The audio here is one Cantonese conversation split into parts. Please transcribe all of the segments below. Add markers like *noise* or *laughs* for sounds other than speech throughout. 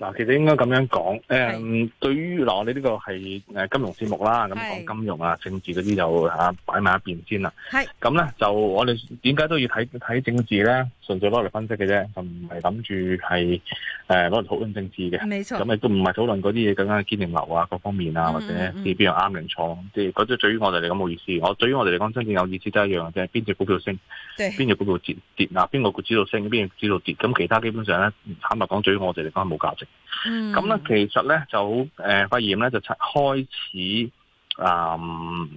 嗱，其實應該咁樣講，誒、呃，對於嗱、呃、我哋呢個係誒金融節目啦，咁講金融啊、政治嗰啲就嚇擺埋一邊先啦。係，咁咧就我哋點解都要睇睇政治咧？純粹攞嚟分析嘅啫，就唔係諗住係誒攞嚟討論政治嘅。冇錯。咁亦都唔係討論嗰啲嘢，更加堅定樓啊，各方面啊，或者知邊樣啱人錯即嗰啲對於我哋嚟講冇意思。我對於我哋嚟講真正有意思都係一樣嘅啫，邊隻股票升，邊隻股票跌跌。嗱，邊個股指度升，邊隻股指度跌。咁其他基本上咧，坦白講，對於我哋嚟講冇價值。嗯，咁咧其實咧就誒、呃、肺炎咧就開始啊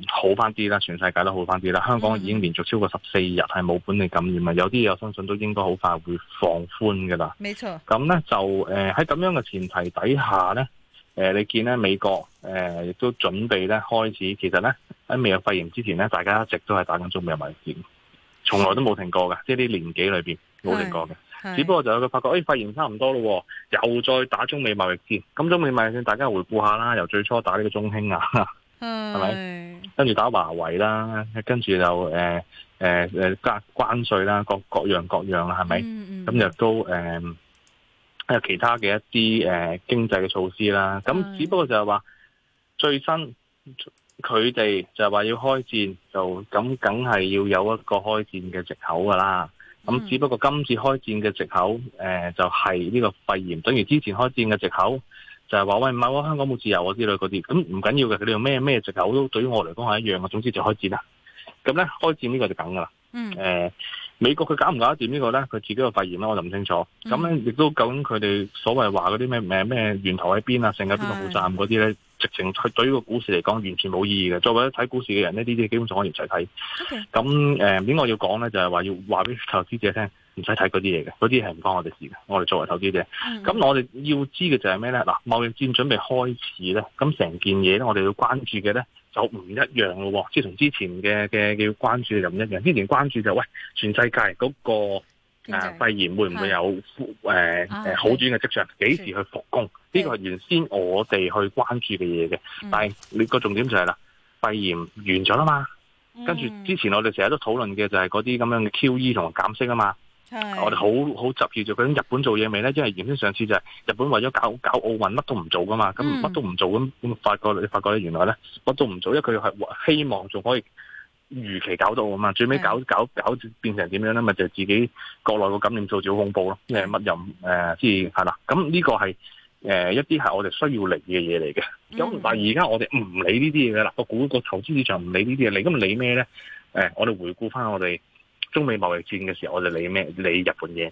好翻啲啦，全世界都好翻啲啦，香港已經連續超過十四日係冇本地感染，有啲嘢，我相信都應該好快會放寬噶啦。冇錯。咁咧就誒喺咁樣嘅前提底下咧，誒、呃、你見咧美國誒亦、呃、都準備咧開始。其實咧喺未有肺炎之前咧，大家一直都係打緊中美貿易戰，從來都冇停過噶，即係啲年幾裏邊冇停過嘅。只不過就佢發覺，哎，發現差唔多咯，又再打中美貿易戰。咁中美貿易戰，大家回顧下啦，由最初打呢個中興啊，係咪？跟住打華為啦，跟住就誒誒誒加關稅啦，各各樣各樣啦，係咪？咁、嗯、又、嗯、都誒，有、呃、其他嘅一啲誒經濟嘅措施啦。咁只不過就係話，最新佢哋就係話要開戰，就咁梗係要有一個開戰嘅借口噶啦。咁、嗯、只不過今次開戰嘅借口，誒、呃、就係、是、呢個肺炎，等於之前開戰嘅借口就係、是、話喂，唔係喎，香港冇自由啊之類嗰啲，咁唔緊要嘅，佢哋用咩咩借口都對於我嚟講係一樣啊。總之就開戰啦。咁咧開戰呢個就梗噶啦。嗯。誒，美國佢搞唔搞得掂呢個咧？佢自己個肺炎咧我就唔清楚。咁咧亦都究竟佢哋所謂話嗰啲咩咩咩源頭喺邊啊？成界邊個庫站嗰啲咧？直情佢對於個股市嚟講完全冇意義嘅。作為睇股市嘅人呢，呢啲基本上我哋唔使睇。咁、okay. 誒，點我要講咧？就係、是、話要話俾投資者聽，唔使睇嗰啲嘢嘅，嗰啲係唔關我哋事嘅。我哋作為投資者，咁、mm. 我哋要知嘅就係咩咧？嗱，貿易戰準備開始咧，咁成件嘢咧，我哋要關注嘅咧就唔一樣咯。即係同之前嘅嘅要關注就唔一樣。之前關注就是、喂，全世界嗰、那個。誒肺炎會唔會有誒、呃、好轉嘅跡象？幾、啊、時去復工？呢個係原先我哋去關注嘅嘢嘅。但係你個重點就係、是、啦，肺炎完咗啦嘛，嗯、跟住之前我哋成日都討論嘅就係嗰啲咁樣嘅 QE 同埋減息啊嘛。我哋好好執著住究竟日本做嘢未咧？因為原先上次就係日本為咗搞搞奧運乜都唔做噶嘛，咁、嗯、乜都唔做咁，發覺你發覺咧原來咧乜都唔做，因為佢係希望仲可以。預期搞到啊嘛，最尾搞搞搞變成點樣咧？咪就自己國內個感染數字就好恐怖咯。誒乜又誒，即係係啦。咁呢個係誒、呃、一啲係我哋需要嚟嘅嘢嚟嘅。咁、嗯、但係而家我哋唔理呢啲嘢嘅啦，個股、個投資市場唔理、理、理呢啲嘢，你咁理咩咧？誒，我哋回顧翻我哋中美貿易戰嘅時候，我哋理咩？理日本嘢。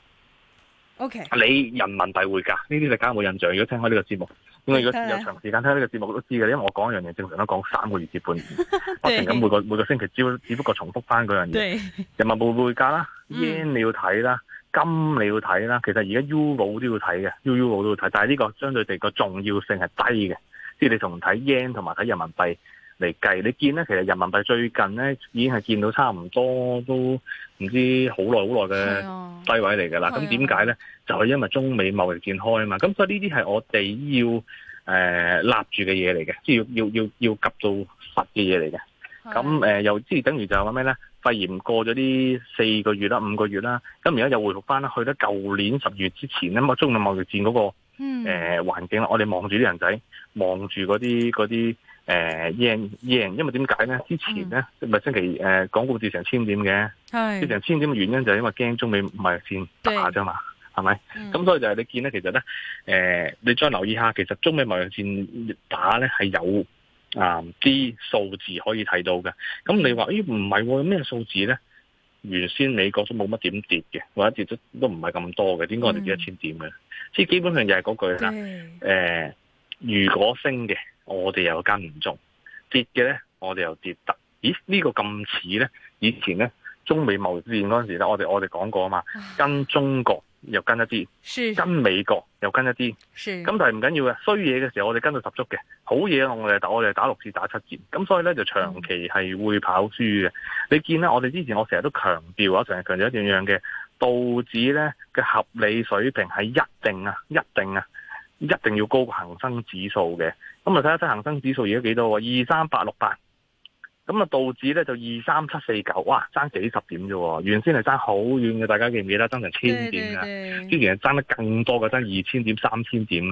O、okay. K，你人民幣匯價呢啲大家冇印象。如果聽開呢個節目，因為如果有長時間聽開呢個節目，我都知嘅。因為我講一樣嘢，正常都講三個月至半年，不停咁每個每個星期只不過重複翻嗰樣嘢。人民幣匯價啦，yen 你要睇啦， *laughs* 金你要睇啦。其實而家 Euro 都要睇嘅，Euro 都要睇，但係、這、呢個相對地個重要性係低嘅，即係你同睇 yen 同埋睇人民幣，嚟計，你見咧，其實人民幣最近咧，已經係見到差唔多都唔知好耐好耐嘅低位嚟㗎啦。咁點解咧？就係因為中美貿易戰開啊嘛。咁所以呢啲係我哋要誒、呃、立住嘅嘢嚟嘅，即係要要要要及到實嘅嘢嚟嘅。咁誒、啊呃、又即係等於就話咩咧？肺炎過咗啲四個月啦、五個月啦，咁而家又回復翻去到舊年十月之前咧，咁啊中美貿易戰嗰、那個誒、呃、環境啦、嗯，我哋望住啲人仔，望住啲嗰啲。誒、呃，贏贏，因為點解咧？之前咧，唔、嗯、係星期誒，港、呃、股跌成千點嘅，跌成千點嘅原因就係因為驚中美貿易戰打啫嘛，係咪？咁、嗯、所以就係你見咧，其實咧，誒、呃，你再留意下，其實中美貿易戰打咧係有啲數、嗯、字可以睇到嘅。咁你話咦，唔、哎、係，有咩數字咧？原先美國都冇乜點跌嘅，或者跌得都唔係咁多嘅，點解我哋跌一千點嘅？即、嗯、係基本上就係嗰句啦。誒、呃，如果升嘅。我哋又跟唔中，跌嘅咧，我哋又跌得咦？這個、呢個咁似咧？以前咧，中美貿易戰嗰陣時咧，我哋我哋講過啊嘛，跟中國又跟一啲， *laughs* 跟美國又跟一啲。咁 *laughs* 但係唔緊要嘅。衰嘢嘅時候我，我哋跟到十足嘅。好嘢，我哋打，我哋打六折打七折。咁所以咧，就長期係會跑輸嘅。 *laughs* 你見咧，我哋之前我成日都強調啊，成日強調一樣嘅，道指咧嘅合理水平係一定啊，一定啊。一定要高過恆生指數嘅，咁嚟睇一睇恒生指數而家幾多？二三八六八。咁啊，道指咧就二三七四九，哇，爭幾十點啫喎！原先係爭好遠嘅，大家記唔記得？爭成千點㗎。之前係爭得更多嘅，爭二千點、三千點。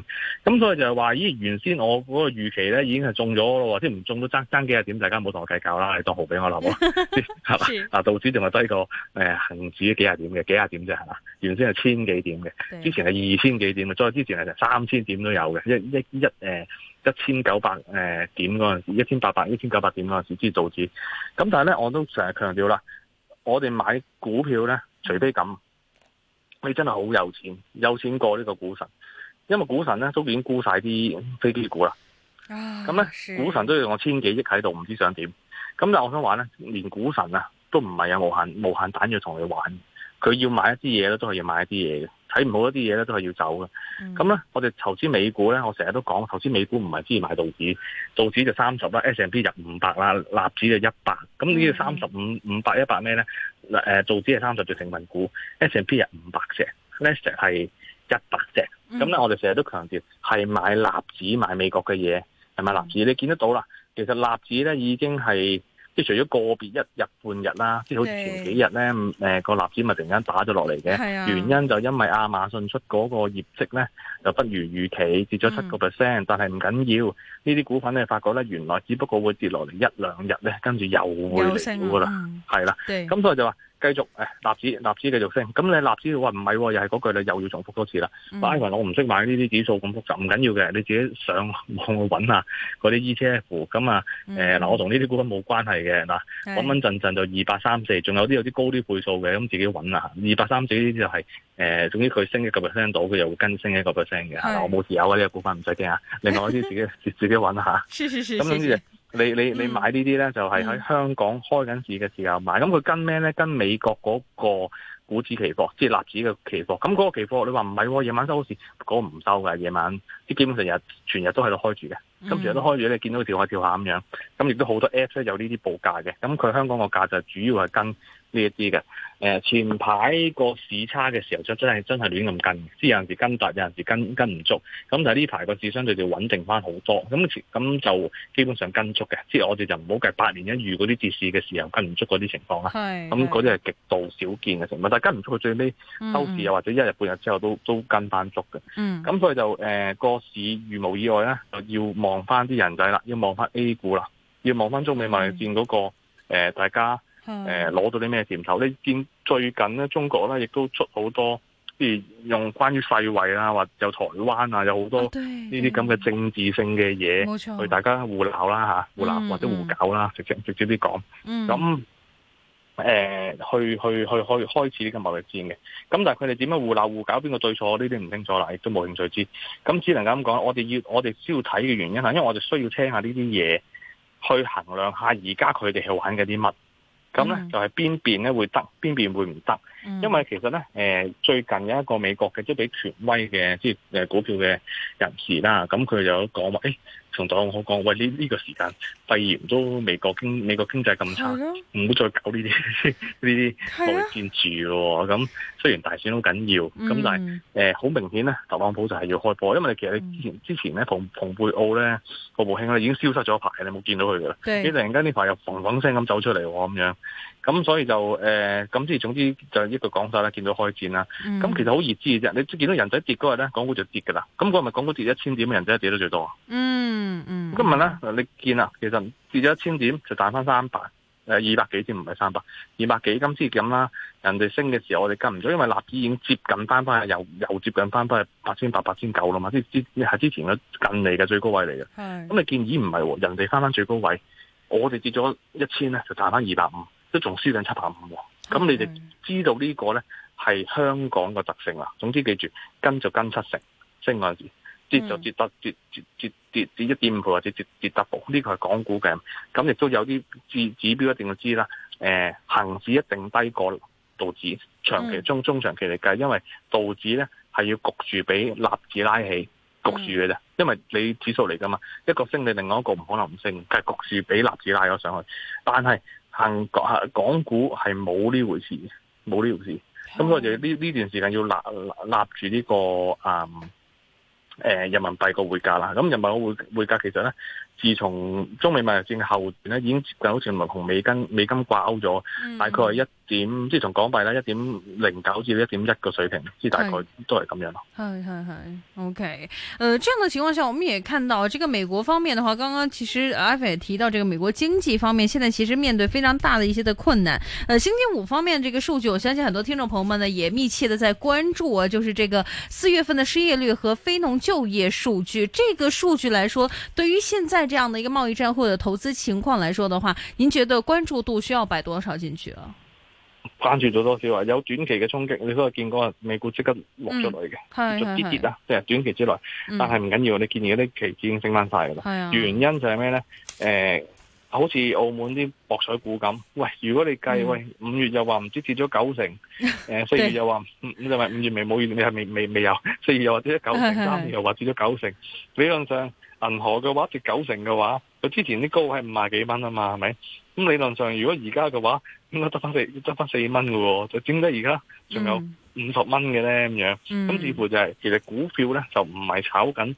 咁所以就係話，咦，原先我嗰個預期咧已經係中咗咯喎，即係唔中都爭爭幾十點，大家冇同我計較啦，你當我好俾我諗，係 *laughs* 嘛是吧？ *laughs* 道指仲係低過誒恆指幾十點嘅，幾十點啫係嘛？原先係千幾點嘅，之前係二千幾點，再之前係三千點都有嘅，一一一、呃一千九百誒點嗰陣時，一千八百、一千九百點嗰陣時之道指，咁但係咧，我都成日強調啦，我哋買股票咧，除非咁，你真係好有錢，有錢過呢個股神，因為股神咧都已經沽晒啲飛機股啦，咁、啊、咧股神都要我千幾億喺度，唔知想點，咁但係我想玩咧，連股神啊都唔係有無限無限彈藥同你玩。佢要買一啲嘢咧，都係要買一啲嘢嘅；睇唔好一啲嘢咧，都係要走嘅。咁、嗯、咧，我哋投資美股咧，我成日都講投資美股唔係只係買道指，道指就三十啦，S n P 入五百啦，納指就一百、嗯。咁呢個三十五、五百、一百咩咧？嗱，誒，道指係三十隻成分股，S n P 入五百隻，納指係一百隻。咁咧，我哋成日都強調係買納指，買美國嘅嘢係買納指。嗯、你見得到啦，其實納指咧已經係。即係除咗個別一日半日啦，即係好似前幾日咧，誒個納指咪突然間打咗落嚟嘅，原因就因為亞馬遜出嗰個業績咧就不如預期，跌咗七個 percent，但係唔緊要，呢啲股份咧發覺咧原來只不過會跌落嚟一兩日咧，跟住又會嚟嘅啦，係啦，咁所以就話。繼續誒、哎、納指納指繼續升，咁你納指話唔係，又係嗰句你又要重複多次啦、嗯哎。我認為我唔識買呢啲指數咁複雜，唔緊要嘅，你自己上網揾下嗰啲 ETF，咁啊誒嗱、嗯呃呃，我同呢啲股份冇關係嘅嗱，穩穩陣陣就二百三四，仲有啲有啲高啲倍數嘅，咁自己揾啦。二百三四呢啲就係、是、誒、呃，總之佢升一個 percent 到佢又會跟升一個 percent 嘅，我冇持有啊，呢、這個股份唔使驚啊。另外啲自己 *laughs* 自己揾下，多 *laughs* 謝這樣。 *laughs* 你你你買呢啲咧，就係喺香港開緊市嘅時候買。咁佢跟咩咧？跟美國嗰個股指期貨，即係納指嘅期貨。咁嗰個期貨，你話唔係夜晚收好市嗰個，唔收㗎。夜晚即基本上日全日都喺度開住嘅。咁成日都開咗，你見到跳，跳下跳下咁樣，咁亦都好多 Apps 咧有呢啲報價嘅。咁佢香港個價就主要係跟呢一啲嘅。誒、呃、前排個市差嘅時候就真係真係亂咁跟，即有陣時跟大，有陣時跟跟唔足。咁但呢排個市相對就穩定翻好多，咁咁就基本上跟足嘅。即係我哋就唔好計八年一遇嗰啲跌市嘅時候跟唔足嗰啲情況啦。咁嗰啲係極度少見嘅情況，但跟唔足佢最尾收市又或者一日半日之後都都跟翻足嘅。咁、嗯、所以就個、呃、市預無意外咧，就要望翻啲人仔啦，要望翻 A 股啦，要望翻中美貿易戰嗰個誒、呃，大家誒攞，呃、到啲咩甜頭？你見最近咧，中國咧亦都出好多，即係用關於世衛啦，或者有台灣啊，有好多呢啲咁嘅政治性嘅嘢、啊哎，去大家互鬧啦吓、啊，互鬧、嗯嗯、或者互搞啦，直接直接啲講。咁、嗯誒，去去去去開始呢個貿易戰嘅，咁但係佢哋點樣互鬧互搞，邊個對錯呢啲唔清楚啦，亦都冇興趣知，咁只能咁講，我哋要我哋需要睇嘅原因係，因為我哋需要聽下呢啲嘢，去衡量下而家佢哋去玩緊啲乜，咁咧就係邊邊咧會得，邊邊會唔得，因為其實咧誒最近有一個美國嘅即係俾權威嘅，即係誒股票嘅人士啦，咁佢就講話，哎同特朗普講：喂，呢、這、呢個時間肺炎都美國經美國經濟咁差，唔好、啊、再搞呢啲呢啲建住咯。咁、啊、雖然大選好緊要，咁、嗯、但係好、呃、明顯咧，特朗普就係要開波。因為你其實你之前之前咧，蓬蓬佩奧咧，布部慶已經消失咗一排，你冇見到佢噶啦。你突然間呢排又砰砰聲咁走出嚟喎，咁樣。咁、嗯、所以就誒，咁、呃、之總之就一句講法，啦。見到開戰啦，咁、mm. 其實好易知嘅啫。你見到人仔跌嗰日咧，港股就跌噶啦。咁今咪港股跌一千點，人仔跌得最多啊。嗯嗯，今日咧，你見啊，其實跌咗一千點就彈翻三百誒，二百幾點唔係三百二百幾。今次咁啦，人哋升嘅時候我哋跟唔咗，因為納指已經接近翻翻去，又又接近翻翻去八千八八千九啦嘛。即係之前近嚟嘅最高位嚟嘅。咁、嗯、你見已唔係人哋翻翻最高位，我哋跌咗一千咧，就彈翻二百五。都仲輸緊七百五，咁你哋知道呢個咧係香港個特性啦。總之記住，跟就跟七成升時，升跌就跌得跌跌跌跌一點五倍或者跌跌得薄，呢個係港股嘅。咁亦都有啲指指標一定要知啦。誒、呃，恒指一定低過道指，長期中中長期嚟計，因為道指咧係要焗住俾納指拉起焗住嘅啫，因為你指數嚟噶嘛，一個升你另外一個唔可能唔升，係焗住俾納指拉咗上去，但係。港股係冇呢回事，冇呢回事。咁我哋呢呢段時間要立立住呢、這個啊，誒人民幣個匯價啦。咁、欸、人民幣匯匯價其實咧。自從中美貿易戰後段呢，已經接近同美金美金掛鈎咗，大概係一點，即、mm-hmm. 係從港幣咧一點零九至到一點一個水平，即係大概都係咁樣咯。係係係，OK，呃，這樣的情況下，我們也看到這個美國方面的話，剛剛其實阿菲也提到這個美國經濟方面，現在其實面對非常大的一些的困難。呃，星期五方面這個數據，我相信很多聽眾朋友們呢也密切的在關注啊，就是這個四月份的失業率和非農就業數據。這個數據來說，對於現在這樣嘅一個貿易戰或者投資情況來說的話，您覺得關注度需要擺多少進去啊？關注咗多少啊？有短期嘅衝擊，你都係見嗰個美股即刻落咗、嗯、落去嘅，跌跌跌啦，即係短期之內，但係唔緊要、嗯，你見嗰啲期指已經升翻晒噶啦。原因就係咩咧？誒、呃，好似澳門啲博彩股咁，喂，如果你計、嗯、喂五月又話唔知跌咗九成，誒 *laughs* 四月又話咁就咪五月，冇五月冇冇未冇完，你係未未未有，四月又或者九成是是是，三月又話跌咗九成，理論上。銀河嘅話跌九成嘅話，佢之前啲高位係五廿幾蚊啊嘛，係咪？咁理論上如果而家嘅話，應該得翻四，得翻四蚊嘅喎。就點解而家仲有五十蚊嘅咧咁樣？咁、嗯嗯、似乎就係、是、其實股票咧就唔係炒緊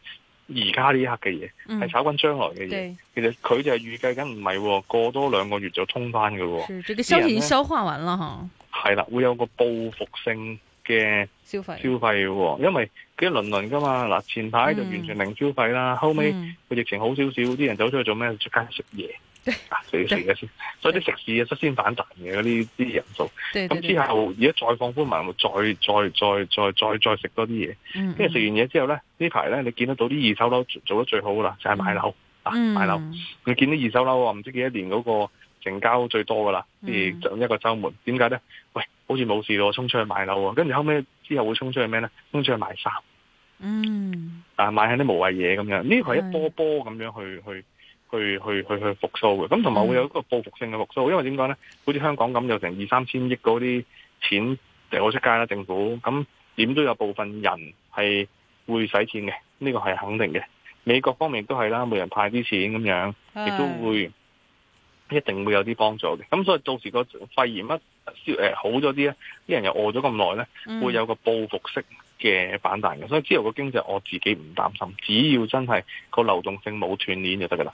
而家呢一刻嘅嘢，係、嗯、炒緊將來嘅嘢。其實佢就係預計緊唔係喎，過多兩個月就衝翻嘅喎。是，這個消息已經消化完了哈。係啦、嗯，會有個報復性嘅消費、哦、消費喎，因為。啲輪輪㗎嘛嗱，前排就完全零消費啦、嗯，後尾個疫情好少少，啲人走出去做咩？出街食嘢啊！食嘢先，所以啲食肆啊率先反彈嘅嗰啲啲人數，咁、嗯嗯、之後而家再放寬埋，再再再再再再食多啲嘢，跟住食完嘢之後咧，呢排咧你見得到啲二手樓做，做得最好噶啦，就係、是、買樓、嗯、啊買樓，你見到二手樓話唔知幾多年嗰個成交最多噶啦，誒、嗯、上、就是、一個週末，點解咧？喂，好似冇事喎，衝出去買樓喎，跟住後尾之後會衝出去咩咧？衝出去買衫。嗯，啊，買喺啲無謂嘢咁樣，呢個係一波一波咁樣去去去去去去復甦嘅，咁同埋會有一個報復性嘅復甦，因為點講咧？好似香港咁有成二三千億嗰啲錢掉出街啦，政府咁點都有部分人係會使錢嘅，呢個係肯定嘅。美國方面都係啦，每人派啲錢咁樣，亦都會一定會有啲幫助嘅。咁所以到時個肺炎一消好咗啲咧，啲人又餓咗咁耐咧，會有個報復式。嘅反彈嘅，所以之後個經濟我自己唔擔心，只要真係個流動性冇斷鏈就得噶啦。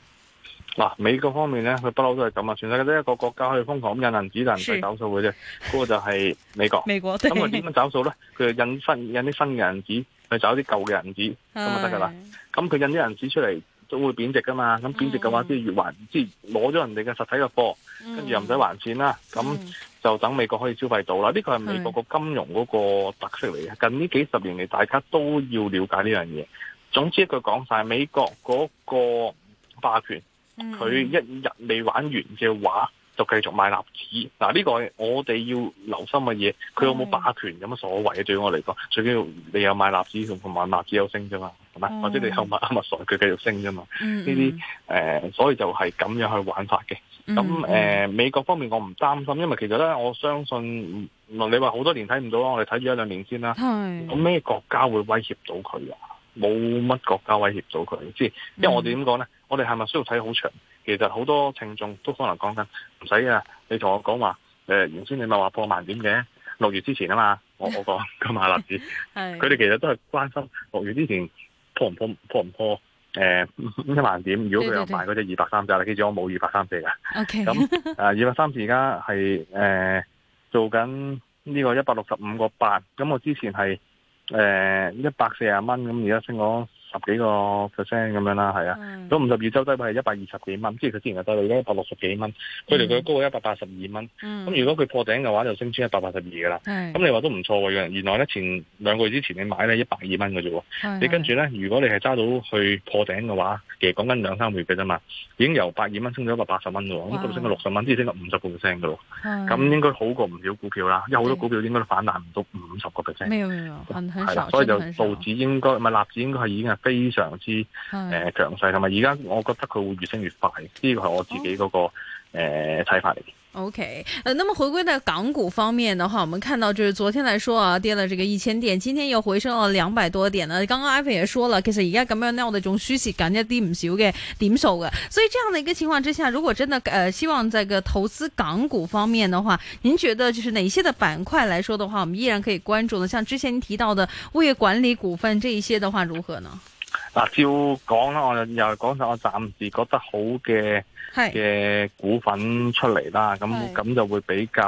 嗱、啊，美國方面咧，佢不嬲都係咁啊！全世界得一個國家可以瘋狂咁印銀紙，唔使找數嘅啫。嗰、那個就係美國。美國咁佢點樣找數咧？佢印新印啲新嘅銀紙去找啲舊嘅銀紙咁啊得噶啦。咁佢印啲銀紙出嚟都會貶值噶嘛。咁貶值嘅話，即係越還，即係攞咗人哋嘅實體嘅貨，跟、嗯、住又唔使還錢啦。咁就等美國可以消費到啦。呢個係美國個金融嗰個特色嚟嘅。近呢幾十年嚟，大家都要了解呢樣嘢。總之一句講晒，美國嗰個霸權。佢、嗯、一日未玩完嘅話，就繼續買納指。嗱、啊，呢、這個係我哋要留心嘅嘢。佢有冇霸權咁乜所謂啊？對於我嚟講，最緊要你有買納指同埋納指有升啫嘛，係、哦、嘛？或者你有買乜傻，佢、嗯、繼續升啫嘛？呢啲誒，所以就係咁樣去玩法嘅。咁、嗯、誒、呃，美國方面我唔擔心，因為其實咧，我相信，你話好多年睇唔到啦，我哋睇住一兩年先啦。咁咩國家會威脅到佢啊？冇乜國家威脅到佢，即係？因為我哋點講咧？我哋係咪需要睇好長？其實好多聽眾都可能講緊唔使啊！你同我講話誒，原先你咪話破萬點嘅六月之前啊嘛，我我講個買例子，佢 *laughs* 哋其實都係關心六月之前破唔破破唔破誒一、呃、萬點。如果佢又買嗰隻二百三隻，你記住我冇二百三四㗎。OK，咁二百三四而家係誒做緊呢個一百六十五個八。咁我之前係誒一百四十蚊，咁而家升咗。十幾個 percent 咁樣啦，係啊。咁五十二周低位係一百二十幾蚊，即係佢之前係低到一百六十幾蚊，佢哋佢高過一百八十二蚊。咁、嗯嗯、如果佢破頂嘅話，就升穿一百八十二噶啦。咁、嗯、你話都唔錯嘅。原來咧前兩個月之前你買咧一百二蚊嘅啫喎。你跟住咧，如果你係揸到去破頂嘅話，其實講緊兩三個月嘅啫嘛，已經由百二蚊升到一百八十蚊嘅喎，咁上升到六十蚊，即係升到五十個 percent 嘅咯。咁、嗯、應該好過唔少股票啦，因為好多股票應該都反彈唔到五十個 percent。係啦，嗯啊、所以就道指應該唔係納指應該係已經係。非常之誒強勢，同、呃、埋而家我覺得佢會越升越快，呢個係我自己嗰、那個誒睇法嚟嘅。OK，誒、呃，咁啊回歸到港股方面的話，我們看到就是昨天來說啊，跌了這個一千點，今天又回升咗兩百多點呢，剛剛阿肥也說了，其實而家咁樣鬧嘅種需勢，感一啲，唔少嘅點數嘅。所以這樣的一個情況之下，如果真的誒、呃、希望在個投資港股方面的話，您覺得就是哪些的板塊來說的話，我們依然可以關注呢？像之前提到的物業管理股份這一些的話，如何呢？嗱、啊，照講啦，我又講實，我暫時覺得好嘅嘅股份出嚟啦，咁咁就會比較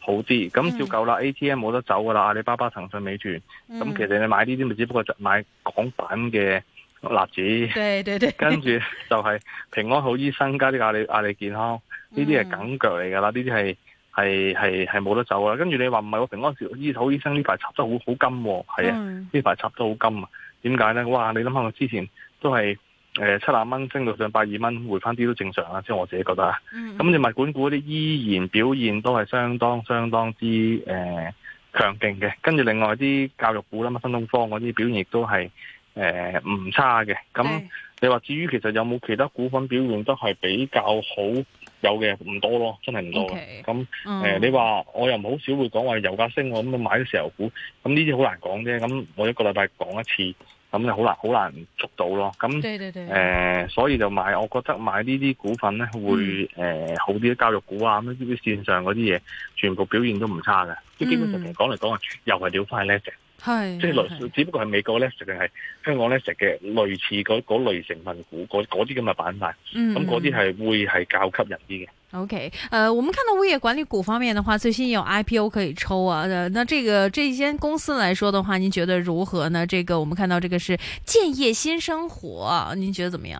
好啲。咁照舊啦、嗯、，ATM 冇得走噶啦，阿里巴巴、騰、嗯、訊、美團，咁其實你買呢啲咪只不過就買港版嘅納指。對對對。跟住就係平安好醫生加啲阿里阿里健康，呢啲係梗腳嚟噶啦，呢啲係係係係冇得走啦。跟住你話唔係平安好醫好醫生呢排插得好好金、哦嗯、金，係啊，呢排插得好金啊。點解呢？哇！你諗下，我之前都係七百蚊升到上百二蚊，回翻啲都正常啦。即係我自己覺得。咁、嗯、你物管股嗰啲依然表現都係相當相當之誒、呃、強勁嘅。跟住另外啲教育股啦，乜新東方嗰啲表現亦都係誒唔差嘅。咁。你話至於其實有冇其他股份表現得係比較好？有嘅唔多咯，真係唔多。咁、okay. 嗯呃、你話我又唔好少會講話油價升，我咁買咗石油股。咁呢啲好難講啫。咁、嗯、我一個禮拜講一次，咁就好難好難捉到咯。咁、嗯嗯呃、所以就買，我覺得買呢啲股份咧會誒、呃、好啲。教育股啊，呢啲線上嗰啲嘢，全部表現都唔差嘅。即基本上嚟講嚟講，又係調翻呢隻。係， *noise* 即係， *noise* 只不過係美國咧食嘅係香港咧食嘅類似嗰嗰類成分股，嗰嗰啲咁嘅板塊，咁嗰啲係會係較吸引啲嘅。OK，誒、呃，我們看到物業管理股方面的話，最新有 IPO 可以抽啊，那這個這間公司來說的話，您覺得如何呢？這個我們看到這個是建業新生活，您覺得怎麼樣？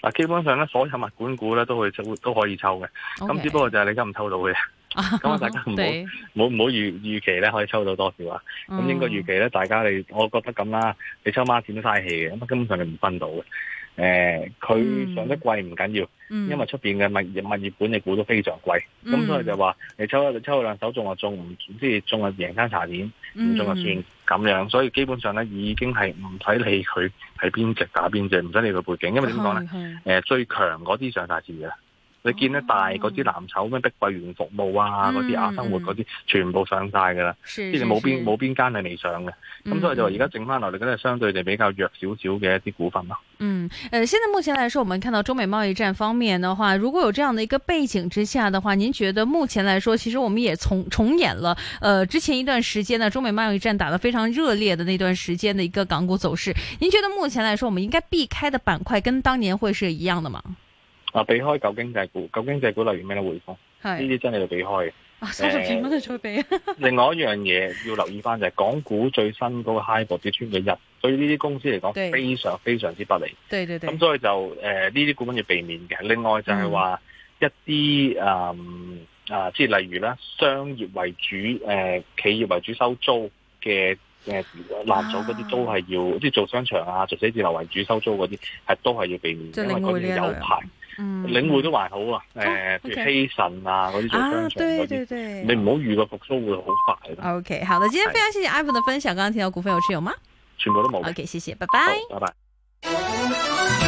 嗱，基本上咧所有物管股咧都可以都可以抽嘅，咁、okay. 只不過就係你今日抽到嘅。咁啊，大家唔好唔好唔好預預期咧，可以抽到多少啊？咁、嗯、應該預期咧，大家你我覺得咁啦，你抽孖展都嘥氣嘅，咁啊根本上你唔分到嘅。佢、呃、上得貴唔緊要，因為出面嘅物業物業股嘅股都非常貴，咁、嗯、所以就話你抽一抽兩手中話中唔即係中係贏翻茶錢，唔中就算咁樣，所以基本上咧已經係唔睇理佢喺邊隻打邊隻，唔使理佢背景，因為點講咧？誒、呃，最強嗰啲上大字嘅。你見得大嗰啲藍籌，咩碧桂園服務啊，嗰啲雅生活嗰啲，全部上晒噶啦，即係冇邊冇邊間係未上嘅。咁、嗯、所以就而家剩翻落嚟，你嗰相對地比較弱少少嘅一啲股份咯。嗯，誒、呃，現在目前來說，我們看到中美貿易戰方面的話，如果有這樣的一個背景之下的話，您覺得目前來說，其實我們也重重演了，誒、呃，之前一段時間呢，中美貿易戰打得非常熱烈的那段時間的一個港股走勢。您覺得目前來說，我們應該避開的板塊，跟當年會是一樣的嗎？嗱，避開舊經濟股，舊經濟股例如咩咧？匯豐，呢啲真係要避開嘅。三、啊呃、十千蚊都再避。 *laughs* 另外一樣嘢要留意翻就係港股最新嗰個 high 博，跌穿嘅一，所以呢啲公司嚟講非常非常之不利。對對對，咁所以就誒呢啲股本要避免嘅。另外就係話一啲誒即係例如咧商業為主誒、呃、企業為主收租嘅誒攔組嗰啲都係要，啊、即係做商場啊、寫字樓為主收租嗰啲係都係要避免、嗯，因為佢有排。啊嗯，領會都還好，哦、呃、譬如黑神啊、誒、哦，氣神啊嗰啲就相對對對、哦、你唔好預個復蘇會快 okay, 好快。O K，好，的今天非常謝謝 Ivan 的分享，剛剛聽到股份有持有嗎？全部都冇。O、okay, K，謝謝，拜拜，拜拜，拜拜。